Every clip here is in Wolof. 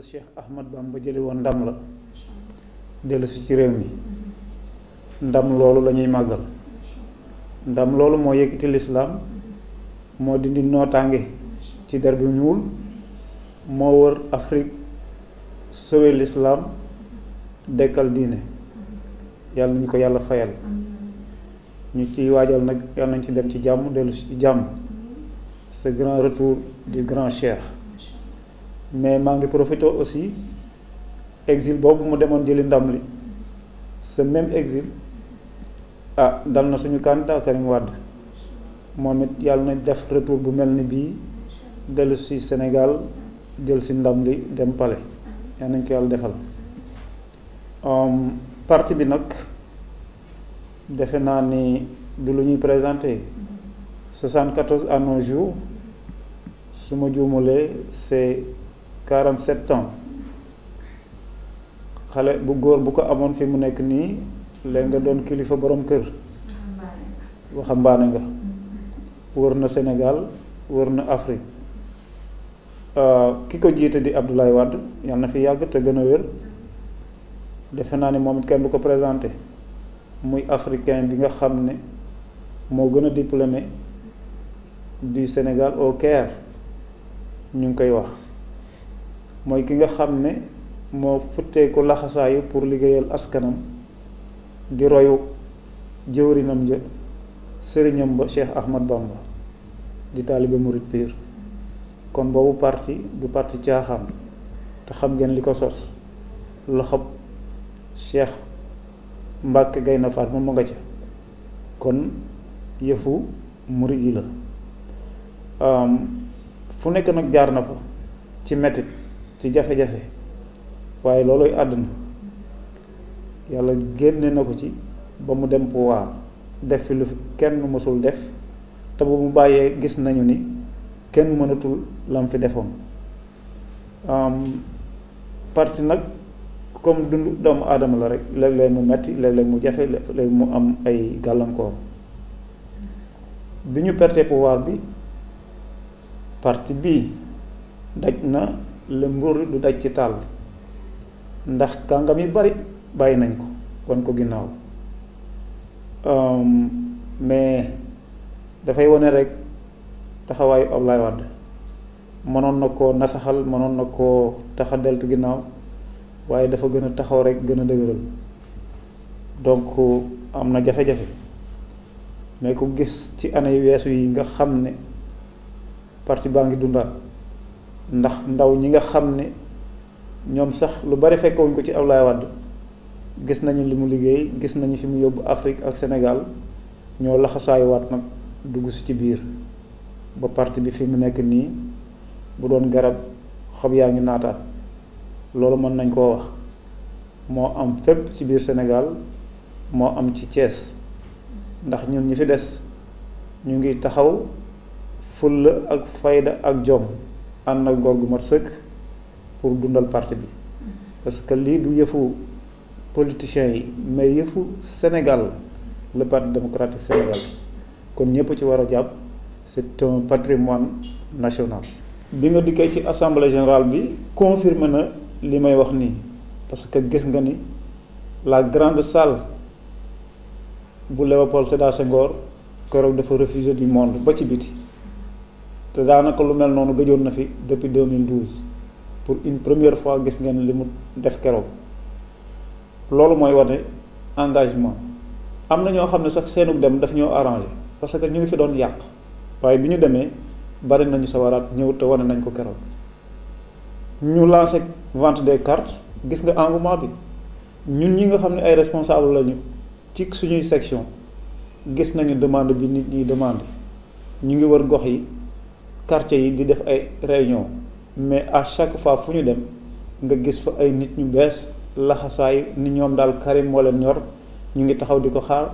la Cheikh Ahmad Bamba jëli woon ndam la dellusi ci réew mi ndam loolu lañuy màggal ndam loolu moo yëkkati lislaam moo dindi nootaange ci der bu ñuul moo wër Afrique sowe lislaam dekkal diine yàlla nañu ko yàlla fayal ñu ciy waajal nag yàlla nañ ci dem ci jàmm dellusi ci jàmm ce grand retour du grand cheikh mais maa ngi profité aussi exil boobu mu demoon jëli ndam li ce même exil ah dal na suñu candidat Karim Wade moom it yàlla na def retour bu mel ni bii dellu si Sénégal jël si ndam li dem pale yal nañ ko yàlla defal parti bi nag defe naa ni du lu ñuy présenté 74 à nos jours su ma juumalee c'est 47 ans xale bu góor bu ko amoon fi mu nekk nii leen nga doon kilifa boroom kër waxambaane nga wër na Sénégal wër na Afrique euh, ki ko jiite di Abdoulaye Wade yàlla na fi yàgg te gën a wér defe naa ne moom it kenn bu ko présenté muy africain bi nga xam ne moo gën a diplômé du Sénégal au Caire ñu ngi koy wax mooy ki nga xam ne moo futteeku laxasaayu pour liggéeyal askanam di royu jëwrinam ja sëriñam ba Cheikh Ahmad Bamba di taalibe murit piir kon boobu parti du parti caaxaan te xam ngeen li ko sos loxob Cheikh Mbàkke Gaynde Fatma mu nga ca kon yëfu murit yi la fu nekk nag jaar na fa ci mettit ci jafe-jafe waaye loolooy àdduna yàlla génne na ko ci ba mu dem pouvoir def fi lu fi kenn mësul def te bu mu bàyyee gis nañu ni kenn mënatul lam fi defoon parti nag comme dundu doomu aadama la rek léeg-léeg mu metti léeg mu jafe léeg mu am ay gàllankoor bi ñu perte pouvoir bi parti bii daj na la mburu du daj ci taal ndax kàngam yi bari bàyyi nañ ko wan ko ginnaaw mais dafay wone rek taxawaayu lay Wade mënoon na ko nasaxal mënoon na koo taxa deltu ginnaaw waaye dafa gën a taxaw rek gën a dëgëral donc am na jafe-jafe mais ku gis ci année yu weesu yi nga xam ne parti baa ngi dundaat ndax ndaw ñi nga xam ne ñoom sax lu bari fekkewuñ ko ci Ablaye Wade gis nañu li mu liggéey gis nañu fi mu yóbbu Afrique ak Sénégal ñoo laxasaayu waat nag dugg si ci biir ba parti bi fi mu nekk nii bu doon garab xob yaa ngi naataat loolu mën nañ koo wax moo am fépp ci biir Sénégal moo am ci cees ndax ñun ñi fi des ñu ngi taxaw fulla ak fayda ak jom ànd ak ngor gu mat sëkk pour dundal parti bi parce que lii du yëfu politiciens yi mais yëfu Sénégal le parti démocratique Sénégal kon ñëpp ci war a jàpp c'est un patrimoine national. bi nga dikkee ci assemblée général bi confirmé na li may wax nii parce que gis nga ni la grande salle bu Léopold Sédar Senghor keroog dafa refuser du monde ba ci biti. te daanaka lu mel noonu gëjoon na fi depuis 2012 pour une première fois gis ngeen li mu def keroog loolu mooy wane engagement am na ñoo xam ne sax seenu dem daf ñoo arrangé parce que ñu ngi fi doon yàq waaye bi ñu demee bari nañu sa waraat ñëw te wane nañ ko keroog ñu lancé vente des cartes gis nga engouement bi ñun ñi nga xam ne ay responsable lañu ci suñuy section gis nañu demande bi nit ñi demande ñu ngi wër gox yi quartier yi di def ay réunion mais à chaque fois fu ñu dem nga gis fa ay nit ñu bees laxasaay ni ñoom daal Karim moo leen ñor ñu ngi taxaw di ko xaar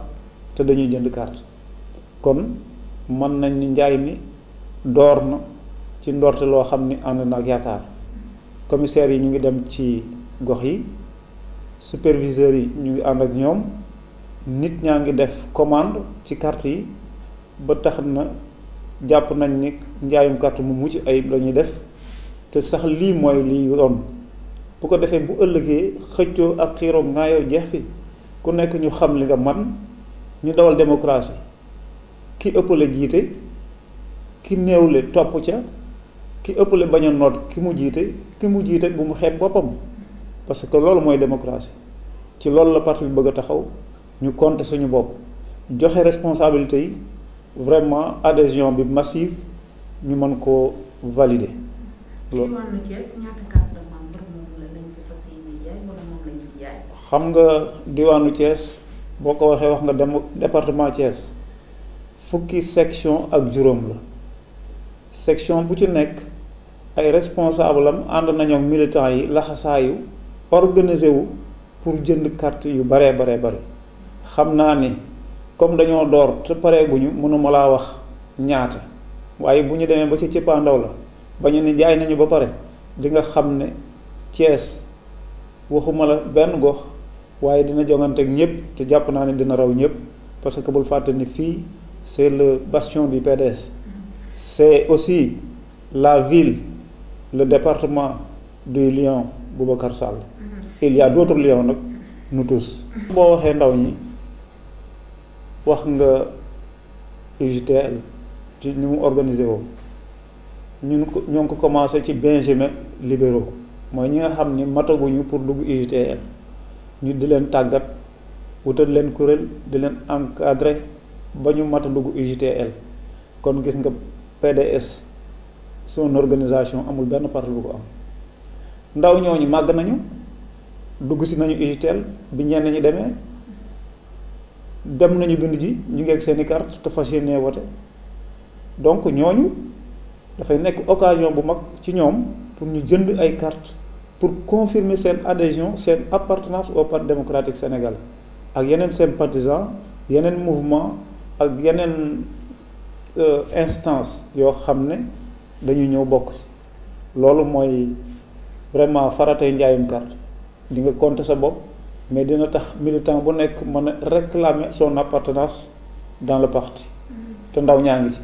te dañuy jënd carte kon mën nañ ni njaay mi door na ci ndorte loo xam ni ànd na ak yaakaar commissaires yi ñu ngi dem ci gox yi superviseurs yi ñu ngi ànd ak ñoom nit ñaa ngi def commande ci kart yi ba tax na jàpp nañ ni njaayum carte mu mucc ayib la ñuy def te sax lii mooy lii yoon bu ko defee bu ëllëgee xëccoo ak xiiroom ngaa yow jeex fi ku nekk ñu xam li nga man ñu dawal démocratie ki ëppale jiite ki néewle topp ca ki ëppale bañ a noot ki mu jiite ki mu jiite bu mu xeeb boppam parce que loolu mooy démocratie ci loolu la parti bi bëgg a taxaw ñu compter suñu bopp joxe responsabilité yi vraiment adhésion bi massive ñu mën koo valider. loolu xam nga diwaanu Thiès boo ko waxee wax nga dem département Thiès fukki section ak juróom la section bu ci nekk ay responsable ànd nañoo militant yi laxasaayu organisé wu pour jënd kart yu baree baree bari xam naa ni. comme dañoo door te pareeguñu mënuma laa wax ñaata waaye bu ñu demee ba ci cëppaandaw la ba ñu ni jaay nañu ba pare di nga xam ne Thiès waxuma la benn gox waaye dina jongante ak ñëpp te jàpp naa ne dina raw ñëpp parce que bul fàtte ni fii c'est le bastion du PDS c'est aussi la ville le département du Lion Boubacar Sall mm-hmm. il y a nag nous tous boo waxee ndaw ñi wax nga UJTL ci ni mu organisé woo ñun ko ñoo ngi ko commencé ci benjamin libéraux mooy ñi nga xam ni mataguñu pour dugg UJTL ñu di leen tàggat wutal leen kuréel di leen encadré ba ñu mata dugg UJTL kon gis nga PDS soon organisation amul benn parti bu ko am ndaw ñooñu màgg nañu dugg si nañu UJTL bi ñenn ñi demee. dem nañu bind ji ñu ngi ak seen i carte te fas yéenee wote donc ñooñu dafay nekk occasion bu mag ci ñoom pour ñu jënd ay carte pour confirmer seen adhésion seen appartenance ou parti démocratique sénégal ak yeneen seen sympathisants yeneen mouvement ak yeneen euh, instance yoo xam ne dañu ñëw bokk si loolu mooy vraiment faratay njaayum carte di nga compter sa bopp mais dina tax militant bu nekk mën a réclamer son appartenance dans le parti te ndaw ñaa ngi ci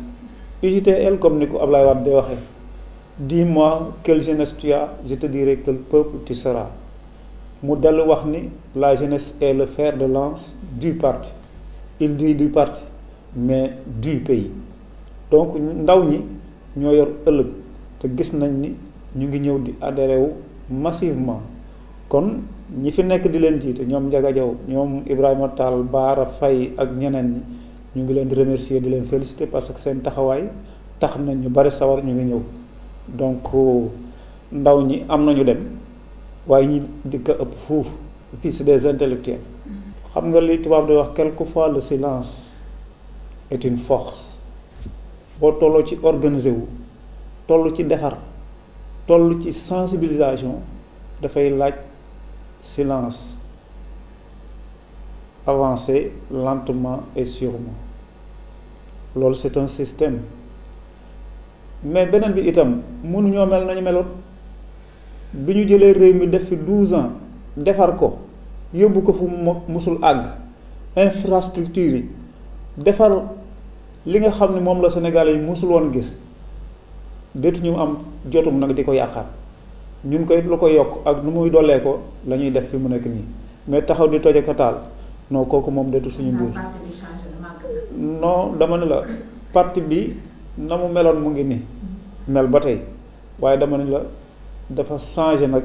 UJTL comme ni ko Ablaye Wade waxee di mois quelle jeunesse tu as te dirai quel peuple tu seras mu dellu wax ni la jeunesse est le fer de lance du partie il dit du parti mais du pays donc ndaw ñi ñoo yor ëllëg te gis nañ ni ñu ngi ñëw di adhéré wu massivement kon ñi fi nekk di leen jiite ñoom Ndiaga Diaw ñoom Ibrahima Tall Baara fay ak ñeneen ñi ñu ngi leen di remercier di leen féliciter parce que seen taxawaay tax na ñu bari sawar ñu ngi ñëw donc ndaw ñi am nañu dem waaye ñi di ko ëpp fuuf puis c'est des intellectuels xam nga li tubaab di wax fois le silence est un force boo tolloo ci organiser wu toll ci defar toll ci sensibilisation dafay laaj silence avancer lentement et sûrement loolu c'est un système mais beneen bi itam mënuñoo mel nañu meloon bi ñu jëlee réew mi def fi douze ans defar ko yóbbu ko fu mu musul àgg infrastructure yi defar li nga xam ne moom la Sénégal yi musul woon gis dootuñu am jotum nag di ko yàqaat ñun koy lu ko yokk ak nu muy dolee ko la ñuy def fi mu nekk nii mais taxaw di toje ko taal non kooku moom detu suñu mbuur non dama ne la parti bi na mu meloon mu ngi nii mel ba tey waaye dama ne la dafa changé nag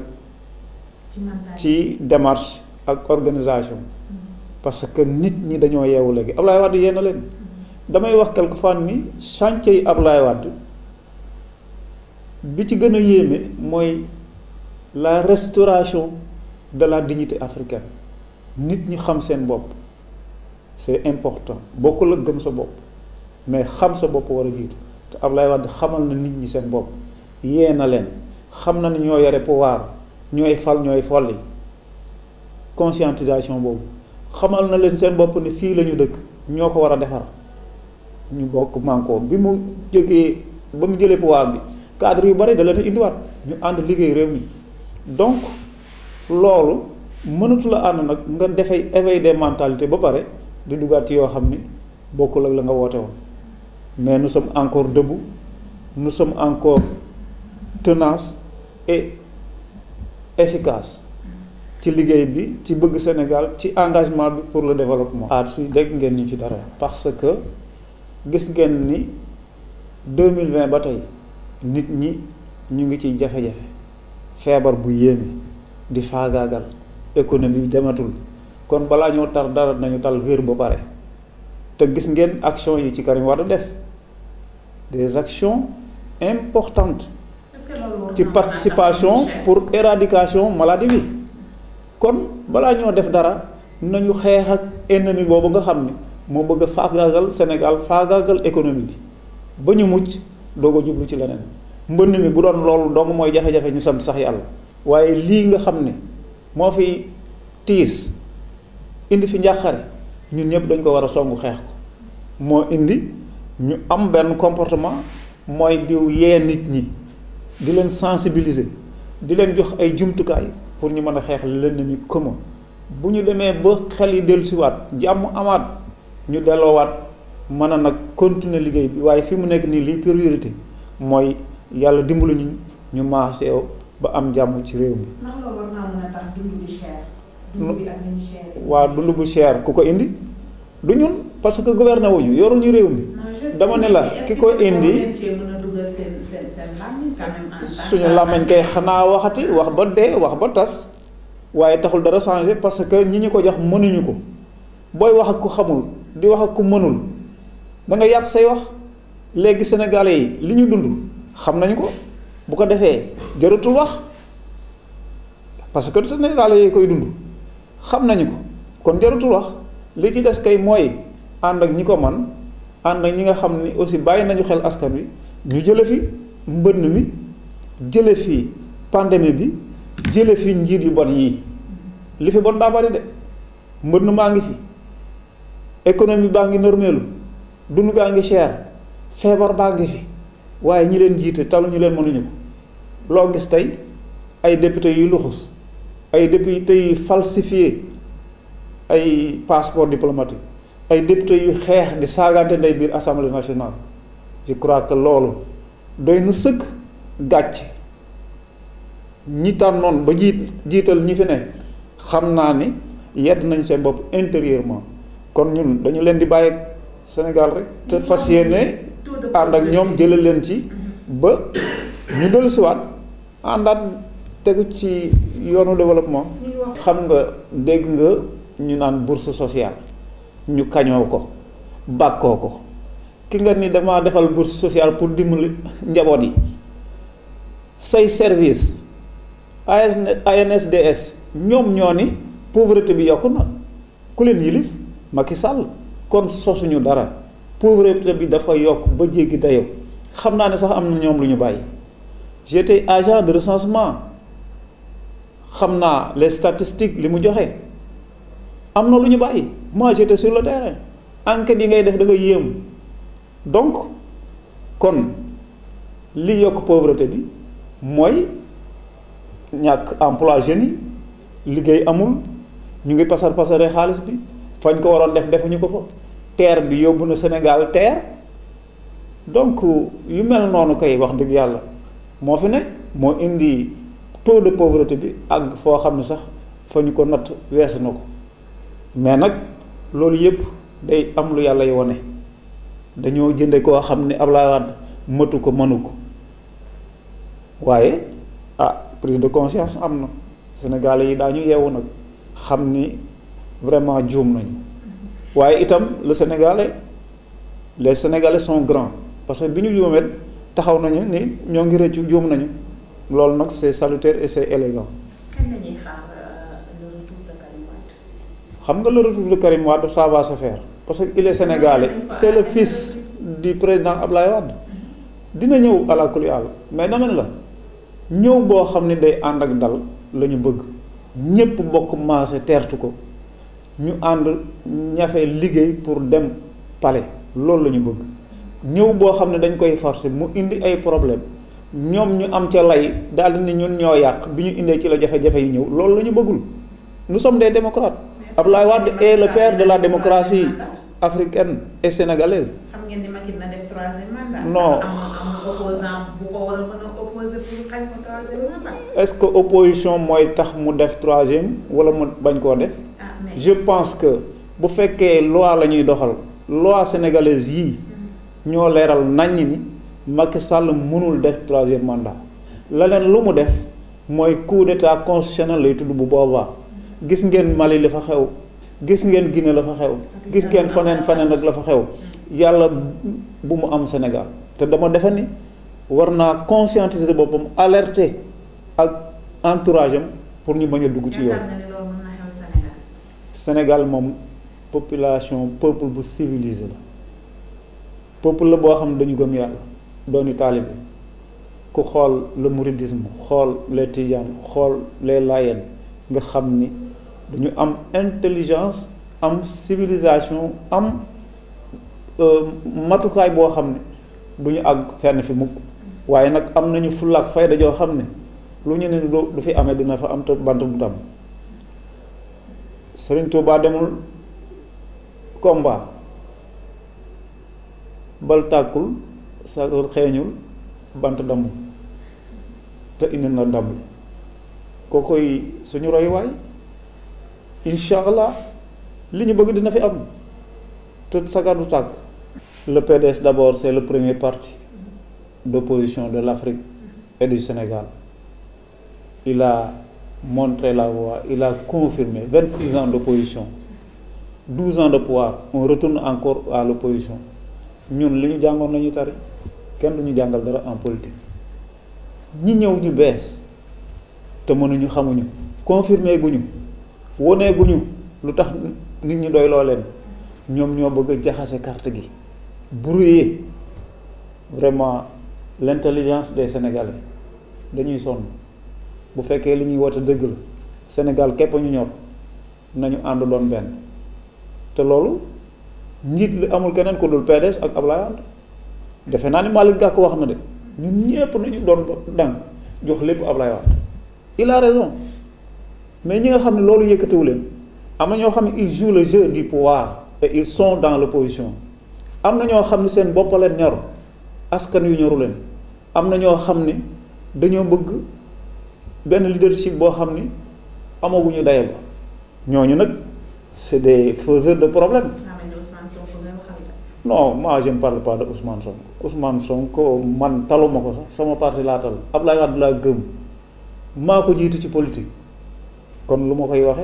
ci démarche ak organisation mm-hmm. parce que nit ñi dañoo yeewu léegi Ablaye Wade yéen a leen damay wax quelque fois ni chantier yi Ablaye Wade bi ci gën a yéeme mooy la restauration de la dignité africaine nit ñi xam seen bopp c'est important bokkul ak gëm sa bopp mais xam sa bopp war a jiitu te wax Wade xamal na nit ñi seen bopp yee na leen xam na ne ñoo yore pouvoir ñooy fal ñooy folli conscientisation boobu xamal na leen seen bopp ni fii lañu dëkk ñoo ko war a defar ñu bokk mànkoo bi mu jógee ba mu jëlee pouvoir bi cadre yu bari da leen indiwaat ñu ànd liggéey réew mi donc loolu mënatu la ànd nag nga defay éveil des mentalité ba pare di dugaat yoo xam ni bokkul ak la nga woote woon mais nous sommes encore debout nous sommes encore tenaces et efficaces ci liggéey bi ci bëgg Sénégal ci engagement bi pour le développement. aat si dégg ngeen ñu ci dara. parce que gis ngeen ni deux mille vingt ba tey nit ñi ñu ngi ciy jafe-jafe. feebar bu yéeme di faagaagal économie bi dematul kon balaa ñoo tar dara nañu tal wér ba pare te gis ngeen action yi ci Karim Wade def des actions importantes ci participation pour éradication maladie bi kon balaa ñoo def dara nañu xeex ak ennemi boobu nga xam ne moo bëgg a faagaagal Sénégal faagaagal économie bi ba ñu mucc doog a jublu ci leneen mbënn mi bu doon loolu dong mooy jafe-jafe ñu sant sax yàlla waaye lii nga xam ne moo fi tiis indi fi njàqare ñun ñëpp dañ ko war a songu xeex ko moo indi ñu am benn comportement mooy diw yee nit ñi di leen sensibiliser di leen jox ay jumtukaay pour ñu mën a xeex li leen ne ñu bu ñu demee ba xel yi dellusiwaat jàmm amaat ñu delloowaat mën a nag continuer liggéey bi waaye fi mu nekk nii li priorité mooy yàlla dimbali ñu ñu maaseew ba am jàmm ci réew mi. ndax loolu waaw dund bu cher ku ko indi du ñun parce que gouvernement wu ñu yoruñu réew mi. dama ne la ki ko indi suñu làmmiñ kay xanaa waxati wax ba dee wax ba tas waaye taxul dara changé parce que ñi ñu ko jox mënuñu ko booy wax ak ku xamul di wax ak ko mënul da nga yàq say wax léegi sénégalais yi li ñu dund. xam nañ ko bu ko defee jaratul wax parce que Sénégalais yi koy dund xam nañu ko kon jaratul wax li ci des kay mooy ànd ak ñi ko man ànd ak ñi nga xam ni aussi bàyyi nañu xel askan wi ñu jële fi mbënn mi jële fi pandémie bi jële fi njiit yu bon yii li fi bon daa bari de mbënn maa ngi fi économie baa ngi nërmeelu dund gaa ngi cher feebar baa ngi fi waaye ñi leen jiite talu ñu leen mënuñu ko loo gis tey ay député yuy luxus ay député yuy falsifié ay passeport diplomatique ay député yu xeex di saagante ndey biir assemblée nationale je crois que loolu doy na sëkk gàcce ñi tànnoon ba jiit jiital ñi fi ne xam naa ni yedd nañ seen bopp intérieurement kon ñun dañu leen di bàyyi Sénégal rek te fas yéene ànd ak ñoom jële leen ci ba ñu dellusiwaat àndaat tegu ci yoonu développement xam nga dégg nga ñu naan bourse sociale ñu kañoo ko bàkkoo ko ki nga ni dama defal bourse sociale pour dimbali njaboot yi say service ANSDS ñoom ñoo ni pauvreté bi yokku na ku leen yilif Macky Sall kon soosuñu dara pauvreté bi dafa yokk ba jéggi dayoo xam naa ne sax am na ñoom lu ñu bàyyi j'étais agent de recensement xam naa les statistiques li mu joxe am na lu ñu bàyyi moi j'étais sur le terrain enquêtes yi ngay def da nga yéem donc kon li yokk pauvreté bi mooy ñàkk emploi jeunes yi liggéey amul ñu ngi pasar pasare xaalis bi fañ ko waroon def defuñu ko fa terre bi yóbbu na Sénégal terre donc yu mel noonu koy wax dëgg yàlla moo fi ne moo indi taux de pauvreté bi àgg foo xam ne sax fa ñu ko natt weesu na ko mais nag loolu yëpp day am lu yàlla y dañoo jënde koo xam ne Abdoulaye Wade matu ko mënu ko waaye ah prise de conscience am na Sénégalais yi ñu yeewu nag xam ni vraiment juum nañu waaye itam le sénégalais les sénégalais son grands parce que bi ñu juumet taxaw nañu ni ñoo ngi rëccu juum nañu loolu nag c'est salutaire et c'est élégant. Euh, xam nga le retour de Karim Wade ça va se parce que il est sénégalais c'est le fils du président Ablaye Wade dina ñëw ala kulli àll mais dama la ñëw boo xam ne day ànd ak dal la ñu bëgg ñépp bokk maase teertu ko. ñu ànd ñafe liggéey pour dem palais loolu la ñu bëgg ñëw boo xam ne dañ koy forcer mu indi ay problème ñoom ñu am ca lay daal di ne ñun ñoo yàq bi ñu indee ci la jafe-jafe yi ñëw loolu la ñu bëggul nous sommes des démocrates Abdoulaye Wade est le père de la démocratie africaine et sénégalaise. xam ngeen non est-ce que opposition mooy tax mu def troisième wala mu bañ koo def. je pense que bu fekkee loi la ñuy doxal loi sénégalaise yii ñoo leeral naññ ni Macky Sall mënul def troisième mandat leneen lu mu def mooy coup d'état constitutionnel lay tudd bu boobaa gis ngeen Mali la fa xew gis ngeen Guinée la fa xew gis ngeen faneen faneen rek la fa xew yàlla bu mu am Sénégal te dama defe ni war naa conscientiser boppam alerter ak entourage pour ñu bañ a dugg ci yoon Sénégal moom population peuple bu civilisé la peuple la boo xam ne dañu gëm yàlla dooni taalibe ku xool le mouridisme xool les tidianes xool les layen nga xam ni dañu am intelligence am civilisation am euh, matukaay boo xam ne du ñu àgg fenn fi mukk waaye nag am nañu fulla ak fayda joo xam ne lu ñu ne du fi amee dina fa am te bant bu tam Sëriñ Tuubaa demul komba bal tàkkul sagar xeeñul bant dammul te indi na ndam li koo koy suñu roy waay incha allah li ñu bëgg dina fi am te sagar du tàkk le PDS d'abord c'est le premier parti d'opposition de l'Afrique et du Sénégal il montré la voie, il a confirmé 26 ans d'opposition, 12 ans de pouvoir, on retourne encore à l'opposition. ñun li ñu jàngoon nañu tari kenn du ñu jàngal dara en politique ñi ñëw ñu bees te mënuñu xamuñu confirmé guñu wonee guñu lu tax nit ñi doy loo leen ñoom ñoo bëgg a jaxase carte gi brouiller vraiment l'intelligence des Sénégalais dañuy sonn bu fekkee li ñuy woote dëgg la Sénégal képp ñu ñor nañu ànd doon benn te loolu njiit li amul keneen ko dul PDS ak Ablaye Wade defe naa ni Malick Gakou wax na de ñun ñëpp nañu doon dànk jox lépp Ablaye Wade il a raison mais ñi nga xam ne loolu yëkkatiwu leen am na ñoo xam ne ils jouent le jeu du pouvoir et ils sont dans l'opposition am na ñoo xam ne seen bopp leen ñor askan yu ñoru leen am na ñoo xam ne dañoo bëgg benn leadership boo xam ni amaguñu daye ñooñu nag c'est des faiseurs de problème non moi je ne parle pas de Ousmane Sonko Ousmane man taluma ko sax sama parti laa tal Abdoulaye Wade laa gëm maa ko jiitu ci politique kon lu ma koy waxe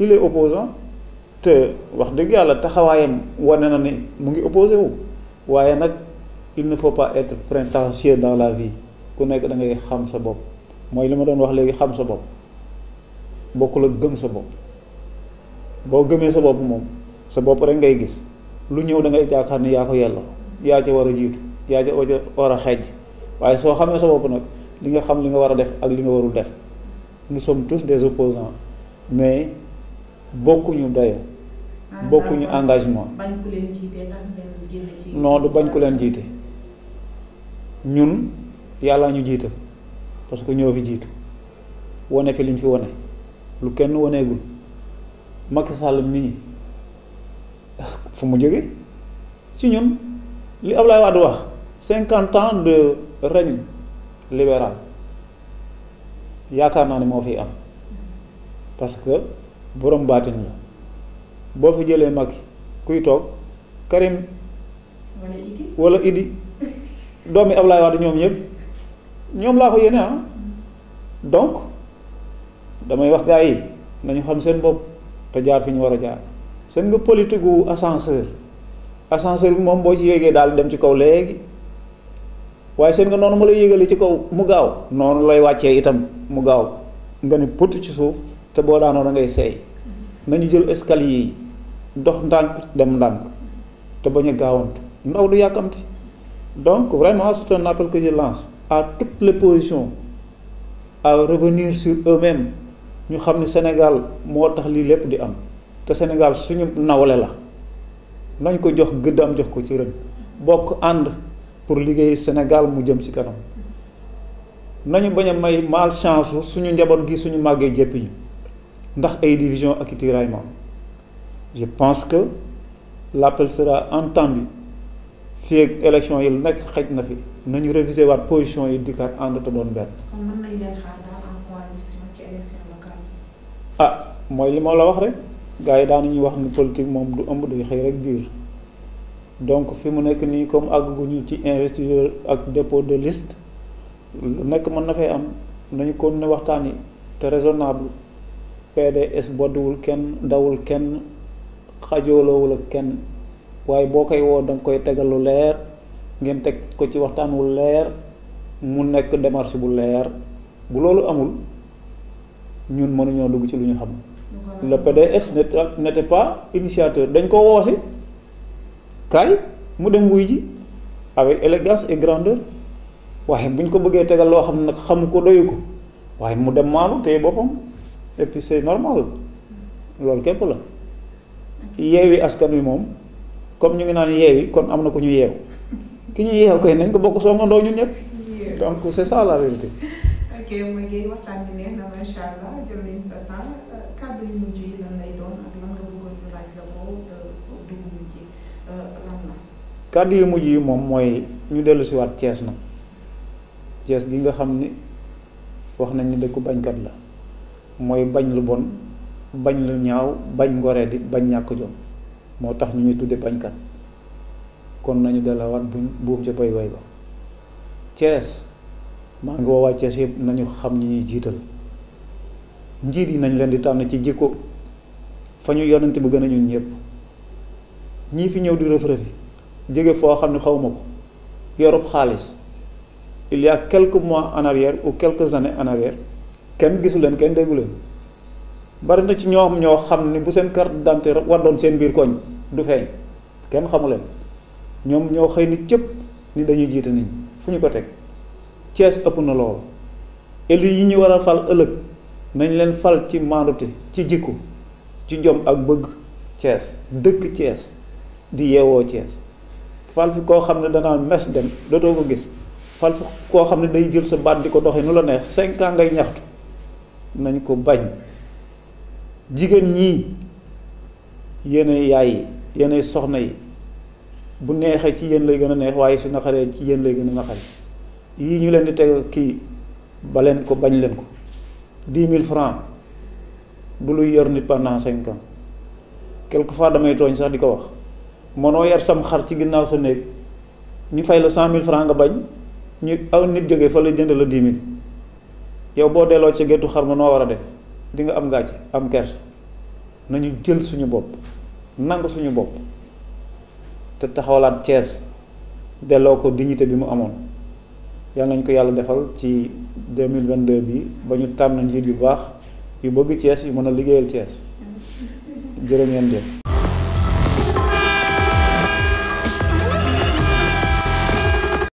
il est opposant te wax dëgg yàlla taxawaayam wane na ni mu ngi opposé waaye nag il ne faut pas être prétentieux dans la vie ku nekk da ngay xam sa bopp mooy li ma doon wax léegi xam sa bopp bokkul ak gëm sa bopp boo gëmee sa bopp moom sa bopp rek ngay gis lu ñëw da ngay jàkkaar ni yaa ko yelloo yaa ca war a jiitu yaa ca war a xejj waaye soo xamee sa bopp nag li nga xam li nga war a def ak li nga warul def nous sommes tous des opposants mais bokkuñu dayo bokkuñu engagement non bañ ku leen jiite ñun yàlla ñu jiite parce que ñoo fi jiitu wane fi liñ fi wane lu kenn waneegul Macky sàll mi fu mu jóge ci ñun li Ablaye Wade wax cinquante ans de règne libéral yaakaar naa ne moo fi am parce que borom baatin la boo fi jëlee Macky kuy toog Karim wala Idi doomi Ablaye Wade ñoom ñëpp ñoom laa ko yéene ah donc damay wax gaa yi nañu xam seen bopp te jaar fi ñu war a jaar seen nga politique gu ascenseur ascenseur bi moom boo ci yéegee daal dem ci kaw léegi waaye seen nga noonu ma lay yéegale ci kaw mu gaaw noonu lay wàccee itam mu gaaw nga ni put ci suuf te boo daanoo da ngay seey nañu jël escalier yi dox ndànk dem ndànk te ba ñu gaawantu ndaw du yàkkamti donc vraiment c'est un que je lance a toute l'opposition à revenir sur eux ñu xam ne Sénégal moo tax lii lépp di am te Sénégal suñu nawle la nañ ko jox gëddam jox ko ci rën bokk ànd pour liggéey Sénégal mu jëm ci kanam nañu bañ a may mal chance suñu njaboot gi suñu màggee jéppi ñu ndax ay division ak i je pense que l'appel sera entendu fii ak élection yi lu nekk xaj na fi nañu révisé waat position yi dikkaat ànd te doon benn. ah mooy li ma la wax rek gars yi daanuñuy wax ni politique moom du ëmb day xëy rek biir donc fi mu nekk nii comme àgguñu ci investiture ak dépôt de liste lu nekk mën na fa am nañu continuer waxtaan yi te raisonnable PDS boddiwul kenn dawul kenn xajooloowul ak kenn waaye boo koy woo danga koy tegalu leer. ngeen teg ko ci waxtaan wu leer mu nekk démarche bu leer bu loolu amul ñun mënuñoo dugg ci lu ñu xam. le PDS n'était pas initiateur dañ ko woose kaay mu dem wuy ji avec élégance et grandeur waaye bu ñu ko bëggee tegal loo xam ne nag xamu ko doyu ko waaye mu dem maalu téye boppam et normal loolu képp la yeewi askan wi moom comme ñu ngi naan yeewi kon am na ku ñu yeew ki ñu yeew koy nañ ko bokk songandoo ñun ñëpp donc c'est ça euh, kàddu yi euh, euh, mujj yi moom mooy ñu dellu si waat cees nag Thiès gi nga xam ni wax nañ ni dëkku bañkat la mooy bañ lu bon bañ lu ñaaw bañ ngoree di bañ ñàkk jom moo tax ñu ñu tudde bañkat kon nañu dalawaat buñ buum ca bay bay ba Cees maa ngi woowaa Cees yëpp nañu xam ñi ñuy jiital njiit yi nañ leen di tànn ci jikko fa ñu yonante bu gën a ñun ñëpp ñii fi ñëw di rëf-rëfi jóge foo xam ne xawuma ko yorub xaalis il y a quelques mois en arrière ou quelques années en arrière kenn gisu leen kenn déggu leen bari na ci ñoom ñoo xam ne bu seen carte d'identité war seen biir koñ du feeñ kenn xamu leen ñoom ñoo xëy nit cëpp ni dañuy jiite nit ñi fu ñu ko teg cees ëpp na lool élu yi ñu waral a fal ëllëg nañ leen fal ci maandute ci jikko ci jom ak bëgg cees dëkk cees di yeewoo cees fal fi koo xam ne dana mes dem dootoo ko gis fal fi koo xam ne day jël sa baat di ko doxe nu la neex cinq ans ngay ñaxtu nañ ko bañ jigéen ñii yeneen yaay yi yeneen soxna yi bu neexee ci yéen lay gën a neex waaye su naqaree ci yéen lay gën a naqari yii ñu leen di teg kii ba leen ko bañ leen ko dix mille francs bu luy yor nit pendant cinq ans quelque fois damay tooñ sax di ko wax noo yar sam xar ci ginnaaw sa néeg ñu fay la cent mille francs nga bañ ñu aw nit jóge fa la jënd la dix mille yow boo delloo ci géttu xar ma noo war a def di nga am gàcce am kersa nañu jël suñu bopp nangu suñu bopp te taxawalaat Thiès delloo ko dignité bi mu amoon yàlla nañ ko yàlla defal ci deux mille vingt deux bi ba ñu tànn njiit yu baax yu bëgg cees yu mën a liggéeyal Thiès jërë